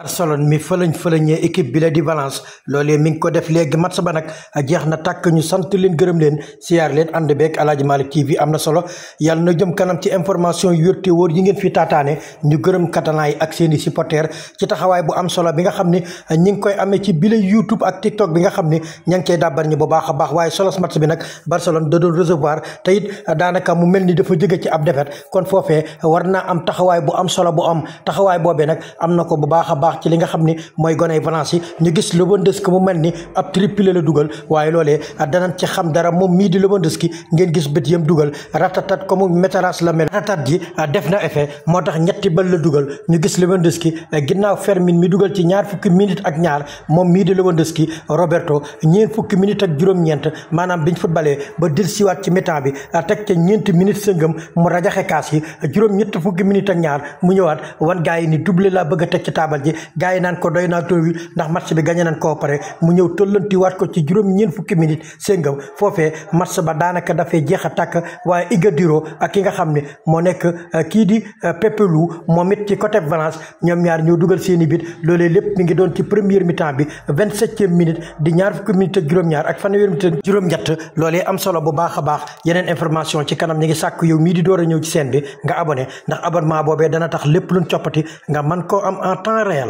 Barcelone mi fëlañ fëlañee équipe bi la di Valence loolee mi ngi ko def léegi match ba nag jeex na tàkk ñu sant leen gërëm leen siyaar leen ànd beeg Aladji Malick TV am na solo yàlla na jëm kanam ci information yu wérte wóor yi ngeen fi taataane ñu gërëm Catalan yi ak seeni supporters ci taxawaay bu am solo bi nga xam ne ñi ngi koy amee ci bile YouTube ak TikTok bi nga xam ne ña ngi cey dàbbar ñi bu baax a baax waaye solos match bi nag Barcelone da doon recevoir te daanaka mu mel ni dafa jóge ci ab defet kon war naa am taxawaay bu am solo bu am taxawaay boobee nag am na ko bu baax a baax baax ci li nga xam ni mooy goney Valence yi ñu gis Lewandowski mu mel ni ab triplé la dugal waaye loolee danañ ci xam dara moom mii di Lewandowski ngeen gis bët yam dugal ratatat comme météras la mel ratatat ji def na effet moo tax ñetti bal la dugal ñu gis Lewandowski ginnaaw Fermin mi dugal ci ñaar fukki minutes ak ñaar moom mii di Lewandowski Roberto ñeent fukki minutes ak juróom-ñeent maanaam biñ footballee ba dil siwaat ci mi-temps bi teg ca ñeenti minutes sëngam mu rajaxe kaas yi juróom-ñett fukki minutes ak mu ñëwaat wan gars yi ni doublé a teg ci taabal gars yi naan ko doy naa Tondeville ndax match bi gagné nañ ko pare mu ñëw tollantiwaat ko ci juróom ñeen fukki minutes séngam foofee match ba daanaka dafay jeex a takk waaye Igudiro ak ki nga xam ne moo nekk euh, kii di Pépelu euh, moom mit ci côté Valence ñoom ñaar ñoo dugal seen i bit loolee lépp mi ngi doon ci première mi-temps bi vingt septième minute di ñaar fukki minutes ak juróom-ñaar ak fanweeri minute ak juróom-ñett loolee am solo bu baax a baax yeneen information ci kanam ñi ngi sàkk yow mii di door a ñëw ci seen bi nga abonné ndax abonnement boobee dana tax lépp luñ coppati nga mën koo am en temps réel